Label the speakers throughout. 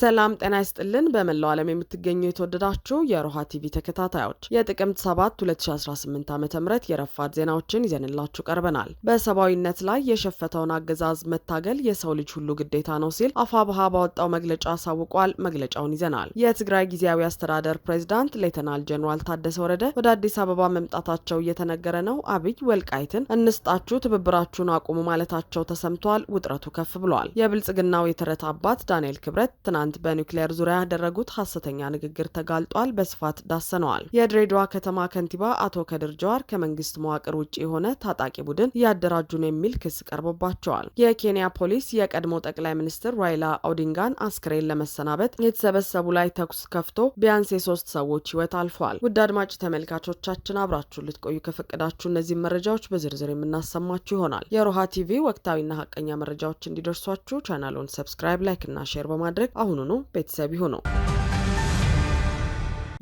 Speaker 1: ሰላም ጤና ይስጥልን። በመላው ዓለም የምትገኙ የተወደዳችሁ የሮሃ ቲቪ ተከታታዮች የጥቅምት 7 2018 ዓ ም የረፋድ ዜናዎችን ይዘንላችሁ ቀርበናል። በሰብአዊነት ላይ የሸፈተውን አገዛዝ መታገል የሰው ልጅ ሁሉ ግዴታ ነው ሲል አፋብሃ ባወጣው መግለጫ አሳውቋል። መግለጫውን ይዘናል። የትግራይ ጊዜያዊ አስተዳደር ፕሬዚዳንት ሌተናል ጄኔራል ታደሰ ወረደ ወደ አዲስ አበባ መምጣታቸው እየተነገረ ነው። አብይ ወልቃይትን እንስጣችሁ፣ ትብብራችሁን አቁሙ ማለታቸው ተሰምቷል። ውጥረቱ ከፍ ብሏል። የብልጽግናው የተረት አባት ዳንኤል ክብረት ትናንት ትናንት በኒውክሌር ዙሪያ ያደረጉት ሀሰተኛ ንግግር ተጋልጧል። በስፋት ዳሰነዋል። የድሬዳዋ ከተማ ከንቲባ አቶ ከድር ጀዋር ከመንግስት መዋቅር ውጭ የሆነ ታጣቂ ቡድን እያደራጁ ነው የሚል ክስ ቀርቦባቸዋል። የኬንያ ፖሊስ የቀድሞ ጠቅላይ ሚኒስትር ራይላ ኦዲንጋን አስክሬን ለመሰናበት የተሰበሰቡ ላይ ተኩስ ከፍቶ ቢያንስ የሶስት ሰዎች ህይወት አልፏል። ውድ አድማጭ ተመልካቾቻችን አብራችሁ ልትቆዩ ከፈቀዳችሁ እነዚህ መረጃዎች በዝርዝር የምናሰማችሁ ይሆናል። የሮሃ ቲቪ ወቅታዊና ሀቀኛ መረጃዎች እንዲደርሷችሁ ቻናሉን ሰብስክራይብ፣ ላይክ እና ሼር በማድረግ አሁን መሆኑ ነው ቤተሰብ ይሆነው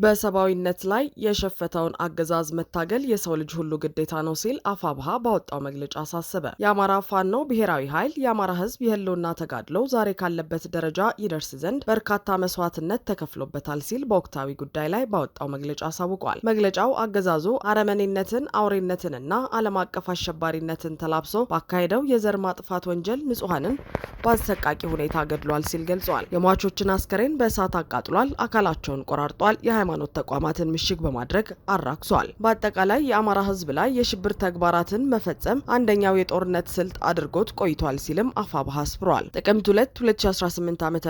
Speaker 1: በሰብአዊነት ላይ የሸፈተውን አገዛዝ መታገል የሰው ልጅ ሁሉ ግዴታ ነው ሲል አፋብሃ ባወጣው መግለጫ አሳሰበ። የአማራ ፋኖ ብሔራዊ ኃይል የአማራ ሕዝብ የህልውና ተጋድሎ ዛሬ ካለበት ደረጃ ይደርስ ዘንድ በርካታ መስዋዕትነት ተከፍሎበታል ሲል በወቅታዊ ጉዳይ ላይ ባወጣው መግለጫ አሳውቋል። መግለጫው አገዛዙ አረመኔነትን፣ አውሬነትንና ዓለም አቀፍ አሸባሪነትን ተላብሶ ባካሄደው የዘር ማጥፋት ወንጀል ንጹሐንን በአሰቃቂ ሁኔታ ገድሏል ሲል ገልጿል። የሟቾችን አስከሬን በእሳት አቃጥሏል፣ አካላቸውን ቆራርጧል፣ የሃይማኖት ተቋማትን ምሽግ በማድረግ አራክሷል። በአጠቃላይ የአማራ ህዝብ ላይ የሽብር ተግባራትን መፈጸም አንደኛው የጦርነት ስልት አድርጎት ቆይቷል ሲልም አፋባህ አስፍሯል። ጥቅምት 2 2018 ዓ ም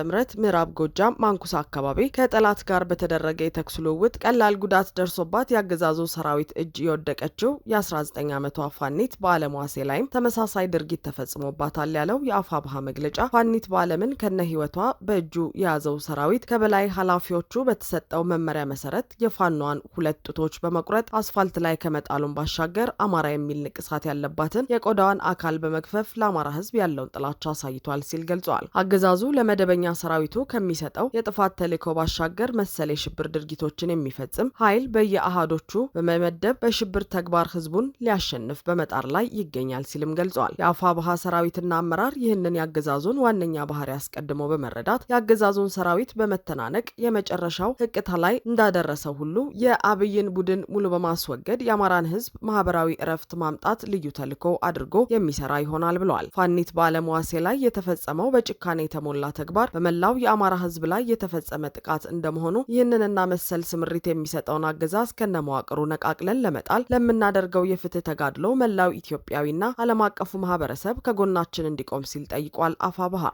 Speaker 1: ምዕራብ ጎጃም ማንኩሳ አካባቢ ከጠላት ጋር በተደረገ የተኩስ ልውውጥ ቀላል ጉዳት ደርሶባት የአገዛዙ ሰራዊት እጅ የወደቀችው የ19 ዓመቷ ፋኒት በአለም ዋሴ ላይም ተመሳሳይ ድርጊት ተፈጽሞባታል ያለው የአፋብኃ መግለጫ ፋኒት በአለምን ከነ ህይወቷ በእጁ የያዘው ሰራዊት ከበላይ ኃላፊዎቹ በተሰጠው መመሪያ መሰረት የፋኗን ሁለት ጡቶች በመቁረጥ አስፋልት ላይ ከመጣሉን ባሻገር አማራ የሚል ንቅሳት ያለባትን የቆዳዋን አካል በመግፈፍ ለአማራ ሕዝብ ያለውን ጥላቻ አሳይቷል ሲል ገልጿል። አገዛዙ ለመደበኛ ሰራዊቱ ከሚሰጠው የጥፋት ተልኮ ባሻገር መሰል የሽብር ድርጊቶችን የሚፈጽም ኃይል በየአሃዶቹ በመመደብ በሽብር ተግባር ሕዝቡን ሊያሸንፍ በመጣር ላይ ይገኛል ሲልም ገልጿል። የአፋ ባሃ ሰራዊትና አመራር ይህንን ያገዛዙን ዋነኛ ባህሪ አስቀድሞ በመረዳት የአገዛዙን ሰራዊት በመተናነቅ የመጨረሻው ህቅታ ላይ እንዳደረሰው ሁሉ የአብይን ቡድን ሙሉ በማስወገድ የአማራን ህዝብ ማህበራዊ እረፍት ማምጣት ልዩ ተልዕኮ አድርጎ የሚሰራ ይሆናል ብለዋል። ፋኒት ባለመዋሴ ላይ የተፈጸመው በጭካኔ የተሞላ ተግባር በመላው የአማራ ህዝብ ላይ የተፈጸመ ጥቃት እንደመሆኑ ይህንንና መሰል ስምሪት የሚሰጠውን አገዛዝ ከነመዋቅሩ ነቃቅለን ለመጣል ለምናደርገው የፍትህ ተጋድሎ መላው ኢትዮጵያዊና ዓለም አቀፉ ማህበረሰብ ከጎናችን እንዲቆም ሲል ጠይቋል። አፋ ባሃ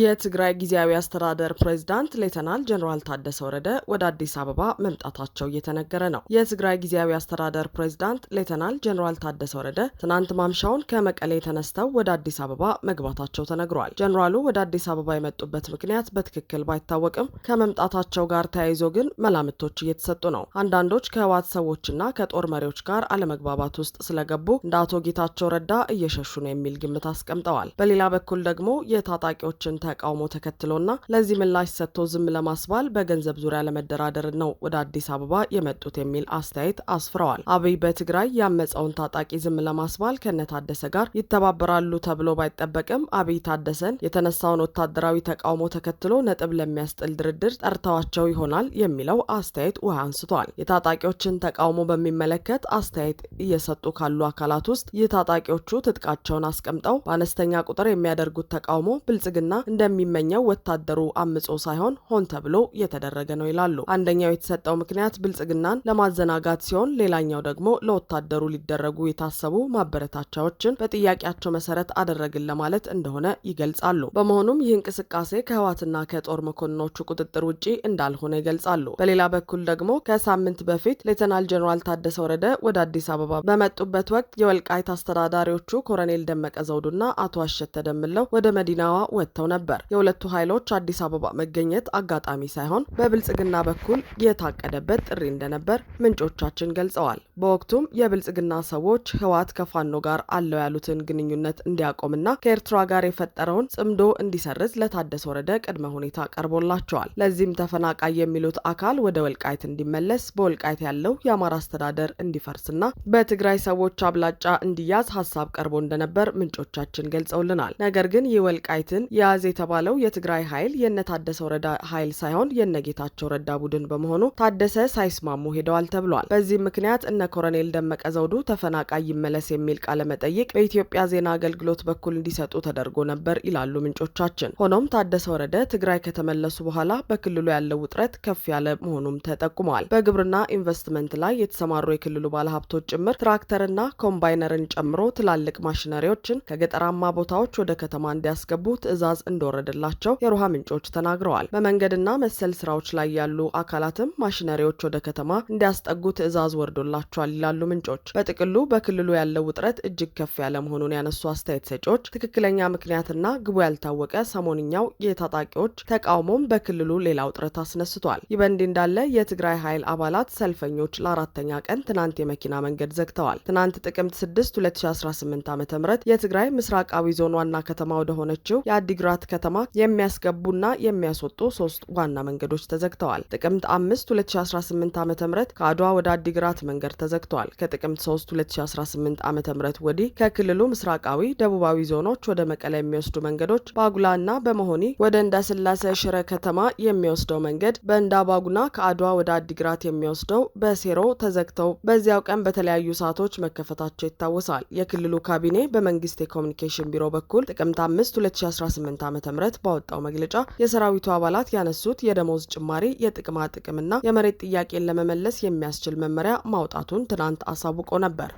Speaker 1: የትግራይ ጊዜያዊ አስተዳደር ፕሬዚዳንት ሌተናል ጀኔራል ታደሰ ወረደ ወደ አዲስ አበባ መምጣታቸው እየተነገረ ነው። የትግራይ ጊዜያዊ አስተዳደር ፕሬዚዳንት ሌተናል ጀኔራል ታደሰ ወረደ ትናንት ማምሻውን ከመቀሌ ተነስተው ወደ አዲስ አበባ መግባታቸው ተነግሯል። ጀኔራሉ ወደ አዲስ አበባ የመጡበት ምክንያት በትክክል ባይታወቅም ከመምጣታቸው ጋር ተያይዞ ግን መላምቶች እየተሰጡ ነው። አንዳንዶች ከህወሓት ሰዎችና ከጦር መሪዎች ጋር አለመግባባት ውስጥ ስለገቡ እንደ አቶ ጌታቸው ረዳ እየሸሹ ነው የሚል ግምት አስቀምጠዋል። በሌላ በኩል ደግሞ የታጣቂዎችን ተቃውሞ ተከትሎና ለዚህ ምላሽ ሰጥቶ ዝም ለማስባል በገንዘብ ዙሪያ ለመደራደር ነው ወደ አዲስ አበባ የመጡት የሚል አስተያየት አስፍረዋል። አብይ በትግራይ ያመፀውን ታጣቂ ዝም ለማስባል ከነታደሰ ጋር ይተባበራሉ ተብሎ ባይጠበቅም አብይ ታደሰን የተነሳውን ወታደራዊ ተቃውሞ ተከትሎ ነጥብ ለሚያስጥል ድርድር ጠርተዋቸው ይሆናል የሚለው አስተያየት ውሃ አንስቷል። የታጣቂዎችን ተቃውሞ በሚመለከት አስተያየት እየሰጡ ካሉ አካላት ውስጥ ይህ ታጣቂዎቹ ትጥቃቸውን አስቀምጠው በአነስተኛ ቁጥር የሚያደርጉት ተቃውሞ ብልጽግና እንደሚመኘው ወታደሩ አምጾ ሳይሆን ሆን ተብሎ የተደረገ ነው ይላሉ። አንደኛው የተሰጠው ምክንያት ብልጽግናን ለማዘናጋት ሲሆን፣ ሌላኛው ደግሞ ለወታደሩ ሊደረጉ የታሰቡ ማበረታቻዎችን በጥያቄያቸው መሰረት አደረግን ለማለት እንደሆነ ይገልጻሉ። በመሆኑም ይህ እንቅስቃሴ ከህዋትና ከጦር መኮንኖቹ ቁጥጥር ውጪ እንዳልሆነ ይገልጻሉ። በሌላ በኩል ደግሞ ከሳምንት በፊት ሌተናል ጀኔራል ታደሰ ወረደ ወደ አዲስ አበባ በመጡበት ወቅት የወልቃይት አስተዳዳሪዎቹ ኮረኔል ደመቀ ዘውዱና አቶ አሸተ ደምለው ወደ መዲናዋ ወጥተው ነበር። ነበር። የሁለቱ ኃይሎች አዲስ አበባ መገኘት አጋጣሚ ሳይሆን በብልጽግና በኩል የታቀደበት ጥሪ እንደነበር ምንጮቻችን ገልጸዋል። በወቅቱም የብልጽግና ሰዎች ህወሓት ከፋኖ ጋር አለው ያሉትን ግንኙነት እንዲያቆምና ከኤርትራ ጋር የፈጠረውን ጽምዶ እንዲሰርዝ ለታደሰ ወረደ ቅድመ ሁኔታ ቀርቦላቸዋል። ለዚህም ተፈናቃይ የሚሉት አካል ወደ ወልቃይት እንዲመለስ፣ በወልቃይት ያለው የአማራ አስተዳደር እንዲፈርስና በትግራይ ሰዎች አብላጫ እንዲያዝ ሀሳብ ቀርቦ እንደነበር ምንጮቻችን ገልጸውልናል። ነገር ግን ይህ ወልቃይትን የያዝ የተባለው የትግራይ ኃይል የነ ታደሰ ወረዳ ኃይል ሳይሆን የነ ጌታቸው ረዳ ቡድን በመሆኑ ታደሰ ሳይስማሙ ሄደዋል ተብሏል። በዚህ ምክንያት እነ ኮረኔል ደመቀ ዘውዱ ተፈናቃይ ይመለስ የሚል ቃለ መጠይቅ በኢትዮጵያ ዜና አገልግሎት በኩል እንዲሰጡ ተደርጎ ነበር ይላሉ ምንጮቻችን። ሆኖም ታደሰ ወረደ ትግራይ ከተመለሱ በኋላ በክልሉ ያለው ውጥረት ከፍ ያለ መሆኑም ተጠቁመዋል። በግብርና ኢንቨስትመንት ላይ የተሰማሩ የክልሉ ባለሀብቶች ጭምር ትራክተርና ኮምባይነርን ጨምሮ ትላልቅ ማሽነሪዎችን ከገጠራማ ቦታዎች ወደ ከተማ እንዲያስገቡ ትዕዛዝ እንደወረደላቸው የሮሃ ምንጮች ተናግረዋል። በመንገድና መሰል ስራዎች ላይ ያሉ አካላትም ማሽነሪዎች ወደ ከተማ እንዲያስጠጉ ትዕዛዝ ወርዶላቸዋል ይላሉ ምንጮች። በጥቅሉ በክልሉ ያለው ውጥረት እጅግ ከፍ ያለ መሆኑን ያነሱ አስተያየት ሰጪዎች ትክክለኛ ምክንያትና ግቡ ያልታወቀ ሰሞንኛው የታጣቂዎች ተቃውሞም በክልሉ ሌላ ውጥረት አስነስቷል። ይህ በእንዲህ እንዳለ የትግራይ ኃይል አባላት ሰልፈኞች ለአራተኛ ቀን ትናንት የመኪና መንገድ ዘግተዋል። ትናንት ጥቅምት 6 2018 ዓ ም የትግራይ ምስራቃዊ ዞን ዋና ከተማ ወደሆነችው የአዲግራት ከተማ የሚያስገቡና የሚያስወጡ ሶስት ዋና መንገዶች ተዘግተዋል። ጥቅምት 5 2018 ዓ ም ከአድዋ ወደ አዲግራት መንገድ ተዘግተዋል። ከጥቅምት 3 2018 ዓ ም ወዲህ ከክልሉ ምስራቃዊ፣ ደቡባዊ ዞኖች ወደ መቀለ የሚወስዱ መንገዶች ባጉላ በመሆኒ ወደ እንዳስላሴ ሽረ ከተማ የሚወስደው መንገድ በእንዳ ባጉና ከአድዋ ወደ አዲግራት የሚወስደው በሴሮ ተዘግተው በዚያው ቀን በተለያዩ ሰዓቶች መከፈታቸው ይታወሳል። የክልሉ ካቢኔ በመንግስት የኮሚኒኬሽን ቢሮ በኩል ጥቅምት 5 2018 ዓ ም ባወጣው መግለጫ የሰራዊቱ አባላት ያነሱት የደሞዝ ጭማሪ የጥቅማ ጥቅምና የመሬት ጥያቄን ለመመለስ የሚያስችል መመሪያ ማውጣቱን ትናንት አሳውቆ ነበር።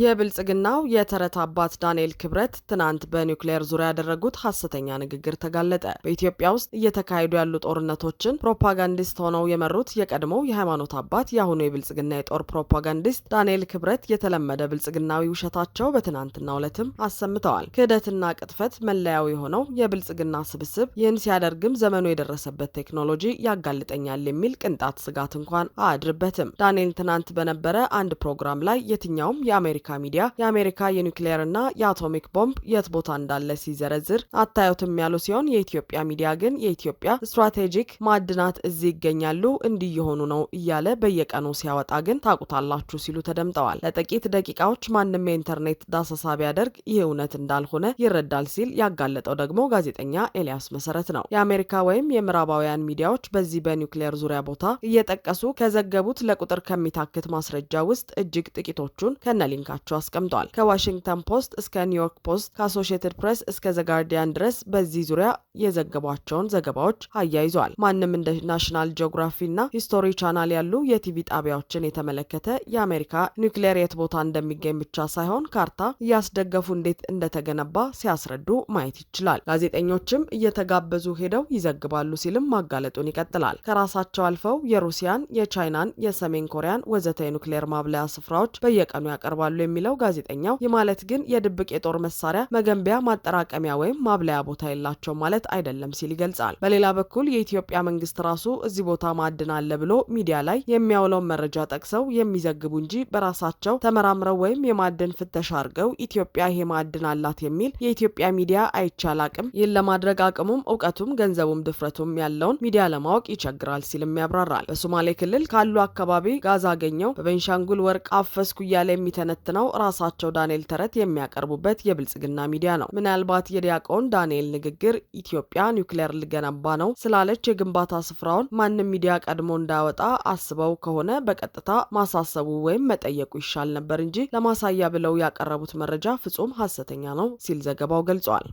Speaker 1: የብልጽግናው የተረት አባት ዳንኤል ክብረት ትናንት በኒውክሌር ዙሪያ ያደረጉት ሀሰተኛ ንግግር ተጋለጠ። በኢትዮጵያ ውስጥ እየተካሄዱ ያሉ ጦርነቶችን ፕሮፓጋንዲስት ሆነው የመሩት የቀድሞው የሃይማኖት አባት የአሁኑ የብልጽግና የጦር ፕሮፓጋንዲስት ዳንኤል ክብረት የተለመደ ብልጽግናዊ ውሸታቸው በትናንትናው ዕለትም አሰምተዋል። ክህደትና ቅጥፈት መለያው የሆነው የብልጽግና ስብስብ ይህን ሲያደርግም ዘመኑ የደረሰበት ቴክኖሎጂ ያጋልጠኛል የሚል ቅንጣት ስጋት እንኳን አያድርበትም። ዳንኤል ትናንት በነበረ አንድ ፕሮግራም ላይ የትኛውም የአሜሪካ የአሜሪካ ሚዲያ የአሜሪካ የኒውክሌርና የአቶሚክ ቦምብ የት ቦታ እንዳለ ሲዘረዝር አታዩትም ያሉ ሲሆን የኢትዮጵያ ሚዲያ ግን የኢትዮጵያ ስትራቴጂክ ማዕድናት እዚህ ይገኛሉ እንዲህ የሆኑ ነው እያለ በየቀኑ ሲያወጣ ግን ታቁታላችሁ ሲሉ ተደምጠዋል። ለጥቂት ደቂቃዎች ማንም የኢንተርኔት ዳሰሳ ቢያደርግ ይህ እውነት እንዳልሆነ ይረዳል ሲል ያጋለጠው ደግሞ ጋዜጠኛ ኤልያስ መሰረት ነው። የአሜሪካ ወይም የምዕራባውያን ሚዲያዎች በዚህ በኒውክሌር ዙሪያ ቦታ እየጠቀሱ ከዘገቡት ለቁጥር ከሚታክት ማስረጃ ውስጥ እጅግ ጥቂቶቹን ከነሊንካ በመላካቸው አስቀምጧል። ከዋሽንግተን ፖስት እስከ ኒውዮርክ ፖስት፣ ከአሶሺየትድ ፕሬስ እስከ ዘጋርዲያን ድረስ በዚህ ዙሪያ የዘገቧቸውን ዘገባዎች አያይዟል። ማንም እንደ ናሽናል ጂኦግራፊና ሂስቶሪ ቻናል ያሉ የቲቪ ጣቢያዎችን የተመለከተ የአሜሪካ ኒውክሌር የት ቦታ እንደሚገኝ ብቻ ሳይሆን ካርታ እያስደገፉ እንዴት እንደተገነባ ሲያስረዱ ማየት ይችላል። ጋዜጠኞችም እየተጋበዙ ሄደው ይዘግባሉ ሲልም ማጋለጡን ይቀጥላል። ከራሳቸው አልፈው የሩሲያን፣ የቻይናን፣ የሰሜን ኮሪያን ወዘተ የኒውክሌር ማብለያ ስፍራዎች በየቀኑ ያቀርባሉ የሚለው ጋዜጠኛው ይህ ማለት ግን የድብቅ የጦር መሳሪያ መገንቢያ ማጠራቀሚያ ወይም ማብለያ ቦታ የላቸው ማለት አይደለም ሲል ይገልጻል። በሌላ በኩል የኢትዮጵያ መንግስት ራሱ እዚህ ቦታ ማዕድን አለ ብሎ ሚዲያ ላይ የሚያውለውን መረጃ ጠቅሰው የሚዘግቡ እንጂ በራሳቸው ተመራምረው ወይም የማዕድን ፍተሻ አድርገው ኢትዮጵያ ይሄ ማዕድን አላት የሚል የኢትዮጵያ ሚዲያ አይቻል አቅም ይህን ለማድረግ አቅሙም እውቀቱም ገንዘቡም ድፍረቱም ያለውን ሚዲያ ለማወቅ ይቸግራል ሲልም ያብራራል። በሶማሌ ክልል ካሉ አካባቢ ጋዛ አገኘው በቤንሻንጉል ወርቅ አፈስኩ እያለ የሚተነትን ነው ራሳቸው ዳንኤል ተረት የሚያቀርቡበት የብልጽግና ሚዲያ ነው። ምናልባት የዲያቆን ዳንኤል ንግግር ኢትዮጵያ ኒውክሌር ልገነባ ነው ስላለች የግንባታ ስፍራውን ማንም ሚዲያ ቀድሞ እንዳያወጣ አስበው ከሆነ በቀጥታ ማሳሰቡ ወይም መጠየቁ ይሻል ነበር እንጂ ለማሳያ ብለው ያቀረቡት መረጃ ፍጹም ሐሰተኛ ነው ሲል ዘገባው ገልጿል።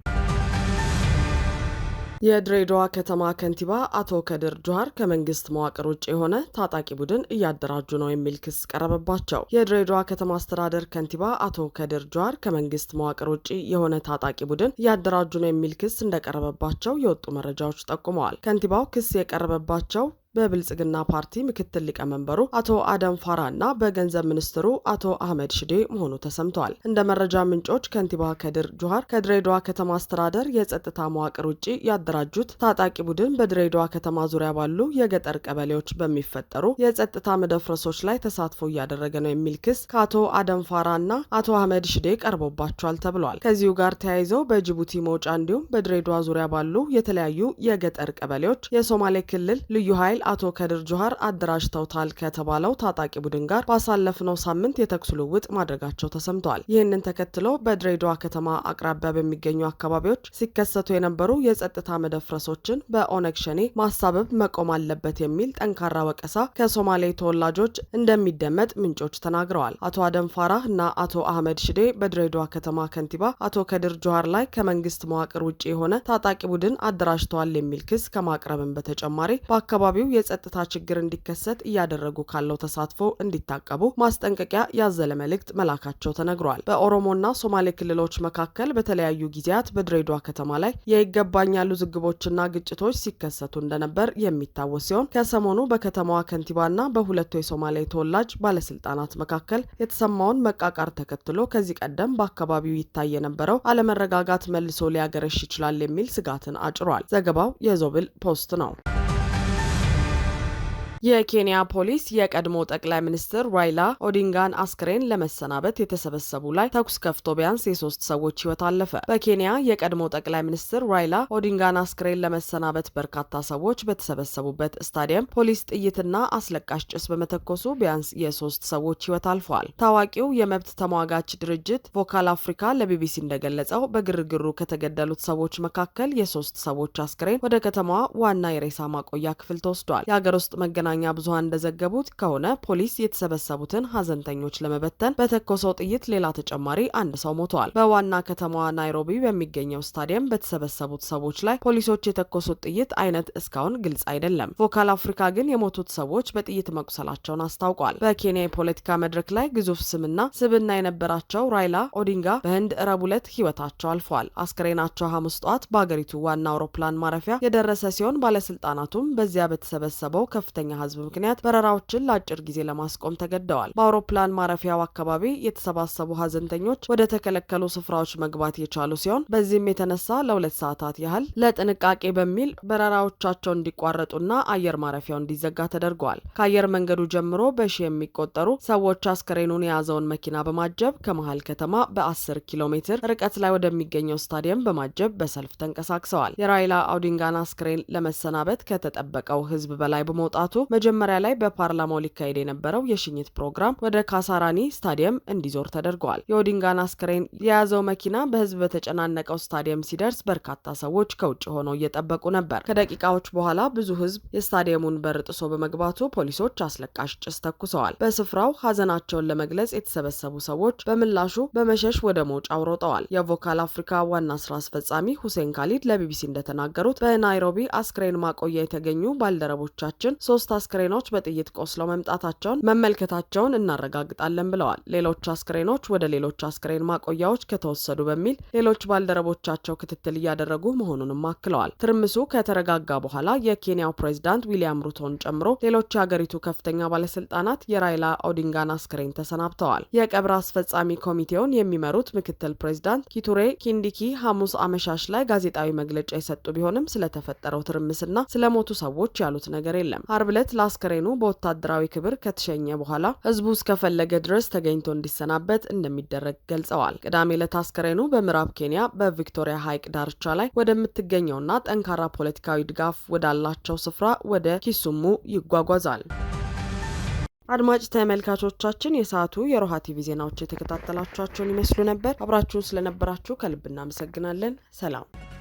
Speaker 1: የድሬዳዋ ከተማ ከንቲባ አቶ ከድር ጁሃር ከመንግስት መዋቅር ውጭ የሆነ ታጣቂ ቡድን እያደራጁ ነው የሚል ክስ ቀረበባቸው። የድሬዳዋ ከተማ አስተዳደር ከንቲባ አቶ ከድር ጁሃር ከመንግስት መዋቅር ውጭ የሆነ ታጣቂ ቡድን እያደራጁ ነው የሚል ክስ እንደቀረበባቸው የወጡ መረጃዎች ጠቁመዋል። ከንቲባው ክስ የቀረበባቸው በብልጽግና ፓርቲ ምክትል ሊቀመንበሩ አቶ አደም ፋራ እና በገንዘብ ሚኒስትሩ አቶ አህመድ ሽዴ መሆኑ ተሰምተዋል። እንደ መረጃ ምንጮች ከንቲባ ከድር ጁሃር ከድሬዳዋ ከተማ አስተዳደር የጸጥታ መዋቅር ውጭ ያደራጁት ታጣቂ ቡድን በድሬዳዋ ከተማ ዙሪያ ባሉ የገጠር ቀበሌዎች በሚፈጠሩ የጸጥታ መደፍረሶች ላይ ተሳትፎ እያደረገ ነው የሚል ክስ ከአቶ አደም ፋራ እና አቶ አህመድ ሽዴ ቀርቦባቸዋል ተብሏል። ከዚሁ ጋር ተያይዘው በጅቡቲ መውጫ እንዲሁም በድሬዳዋ ዙሪያ ባሉ የተለያዩ የገጠር ቀበሌዎች የሶማሌ ክልል ልዩ ኃይል አቶ ከድር ጆሀር አደራጅተውታል ከተባለው ታጣቂ ቡድን ጋር ባሳለፍነው ሳምንት የተኩስ ልውውጥ ማድረጋቸው ተሰምተዋል። ይህንን ተከትሎ በድሬዳዋ ከተማ አቅራቢያ በሚገኙ አካባቢዎች ሲከሰቱ የነበሩ የጸጥታ መደፍረሶችን በኦነግ ሸኔ ማሳበብ መቆም አለበት የሚል ጠንካራ ወቀሳ ከሶማሌ ተወላጆች እንደሚደመጥ ምንጮች ተናግረዋል። አቶ አደም ፋራህ እና አቶ አህመድ ሽዴ በድሬዳዋ ከተማ ከንቲባ አቶ ከድር ጆሀር ላይ ከመንግስት መዋቅር ውጭ የሆነ ታጣቂ ቡድን አደራጅተዋል የሚል ክስ ከማቅረብን በተጨማሪ በአካባቢው የጸጥታ ችግር እንዲከሰት እያደረጉ ካለው ተሳትፎ እንዲታቀቡ ማስጠንቀቂያ ያዘለ መልእክት መላካቸው ተነግሯል። በኦሮሞና ሶማሌ ክልሎች መካከል በተለያዩ ጊዜያት በድሬዳዋ ከተማ ላይ የይገባኛሉ ዝግቦችና ግጭቶች ሲከሰቱ እንደነበር የሚታወስ ሲሆን ከሰሞኑ በከተማዋ ከንቲባና በሁለቱ የሶማሌ ተወላጅ ባለስልጣናት መካከል የተሰማውን መቃቃር ተከትሎ ከዚህ ቀደም በአካባቢው ይታይ የነበረው አለመረጋጋት መልሶ ሊያገረሽ ይችላል የሚል ስጋትን አጭሯል። ዘገባው የዞብል ፖስት ነው። የኬንያ ፖሊስ የቀድሞ ጠቅላይ ሚኒስትር ራይላ ኦዲንጋን አስክሬን ለመሰናበት የተሰበሰቡ ላይ ተኩስ ከፍቶ ቢያንስ የሶስት ሰዎች ህይወት አለፈ። በኬንያ የቀድሞ ጠቅላይ ሚኒስትር ራይላ ኦዲንጋን አስክሬን ለመሰናበት በርካታ ሰዎች በተሰበሰቡበት ስታዲየም ፖሊስ ጥይትና አስለቃሽ ጭስ በመተኮሱ ቢያንስ የሶስት ሰዎች ህይወት አልፏል። ታዋቂው የመብት ተሟጋች ድርጅት ቮካል አፍሪካ ለቢቢሲ እንደገለጸው በግርግሩ ከተገደሉት ሰዎች መካከል የሶስት ሰዎች አስክሬን ወደ ከተማዋ ዋና የሬሳ ማቆያ ክፍል ተወስዷል። የሀገር ውስጥ መገና መገናኛ ብዙሃን እንደዘገቡት ከሆነ ፖሊስ የተሰበሰቡትን ሀዘንተኞች ለመበተን በተኮሰው ጥይት ሌላ ተጨማሪ አንድ ሰው ሞተዋል። በዋና ከተማዋ ናይሮቢ በሚገኘው ስታዲየም በተሰበሰቡት ሰዎች ላይ ፖሊሶች የተኮሱት ጥይት አይነት እስካሁን ግልጽ አይደለም። ቮካል አፍሪካ ግን የሞቱት ሰዎች በጥይት መቁሰላቸውን አስታውቋል። በኬንያ የፖለቲካ መድረክ ላይ ግዙፍ ስምና ስብና የነበራቸው ራይላ ኦዲንጋ በህንድ ረቡዕ ዕለት ህይወታቸው አልፏል። አስክሬናቸው ሐሙስ ጠዋት በአገሪቱ ዋና አውሮፕላን ማረፊያ የደረሰ ሲሆን ባለስልጣናቱም በዚያ በተሰበሰበው ከፍተኛ ህዝብ ምክንያት በረራዎችን ለአጭር ጊዜ ለማስቆም ተገደዋል። በአውሮፕላን ማረፊያው አካባቢ የተሰባሰቡ ሀዘንተኞች ወደ ተከለከሉ ስፍራዎች መግባት የቻሉ ሲሆን በዚህም የተነሳ ለሁለት ሰዓታት ያህል ለጥንቃቄ በሚል በረራዎቻቸው እንዲቋረጡና አየር ማረፊያው እንዲዘጋ ተደርጓል። ከአየር መንገዱ ጀምሮ በሺ የሚቆጠሩ ሰዎች አስከሬኑን የያዘውን መኪና በማጀብ ከመሀል ከተማ በ10 ኪሎ ሜትር ርቀት ላይ ወደሚገኘው ስታዲየም በማጀብ በሰልፍ ተንቀሳቅሰዋል። የራይላ አውዲንጋን አስክሬን ለመሰናበት ከተጠበቀው ህዝብ በላይ በመውጣቱ መጀመሪያ ላይ በፓርላማው ሊካሄድ የነበረው የሽኝት ፕሮግራም ወደ ካሳራኒ ስታዲየም እንዲዞር ተደርጓል። የኦዲንጋን አስክሬን የያዘው መኪና በህዝብ በተጨናነቀው ስታዲየም ሲደርስ በርካታ ሰዎች ከውጭ ሆነው እየጠበቁ ነበር። ከደቂቃዎች በኋላ ብዙ ህዝብ የስታዲየሙን በር ጥሶ በመግባቱ ፖሊሶች አስለቃሽ ጭስ ተኩሰዋል። በስፍራው ሀዘናቸውን ለመግለጽ የተሰበሰቡ ሰዎች በምላሹ በመሸሽ ወደ መውጫው ሮጠዋል። የቮካል አፍሪካ ዋና ስራ አስፈጻሚ ሁሴን ካሊድ ለቢቢሲ እንደተናገሩት በናይሮቢ አስክሬን ማቆያ የተገኙ ባልደረቦቻችን ሶስት አስክሬኖች በጥይት ቆስለው መምጣታቸውን መመልከታቸውን እናረጋግጣለን ብለዋል። ሌሎች አስክሬኖች ወደ ሌሎች አስክሬን ማቆያዎች ከተወሰዱ በሚል ሌሎች ባልደረቦቻቸው ክትትል እያደረጉ መሆኑንም አክለዋል። ትርምሱ ከተረጋጋ በኋላ የኬንያው ፕሬዚዳንት ዊሊያም ሩቶን ጨምሮ ሌሎች የሀገሪቱ ከፍተኛ ባለስልጣናት የራይላ ኦዲንጋን አስክሬን ተሰናብተዋል። የቀብር አስፈጻሚ ኮሚቴውን የሚመሩት ምክትል ፕሬዚዳንት ኪቱሬ ኪንዲኪ ሐሙስ አመሻሽ ላይ ጋዜጣዊ መግለጫ የሰጡ ቢሆንም ስለተፈጠረው ትርምስና ስለሞቱ ሰዎች ያሉት ነገር የለም። አርብ ዕለት በማለት ለአስከሬኑ በወታደራዊ ክብር ከተሸኘ በኋላ ህዝቡ እስከፈለገ ድረስ ተገኝቶ እንዲሰናበት እንደሚደረግ ገልጸዋል። ቅዳሜ ዕለት አስከሬኑ በምዕራብ ኬንያ በቪክቶሪያ ሐይቅ ዳርቻ ላይ ወደምትገኘውና ጠንካራ ፖለቲካዊ ድጋፍ ወዳላቸው ስፍራ ወደ ኪሱሙ ይጓጓዛል። አድማጭ ተመልካቾቻችን የሰዓቱ የሮሃ ቲቪ ዜናዎች የተከታተላችኋቸውን ይመስሉ ነበር። አብራችሁን ስለነበራችሁ ከልብ እናመሰግናለን። ሰላም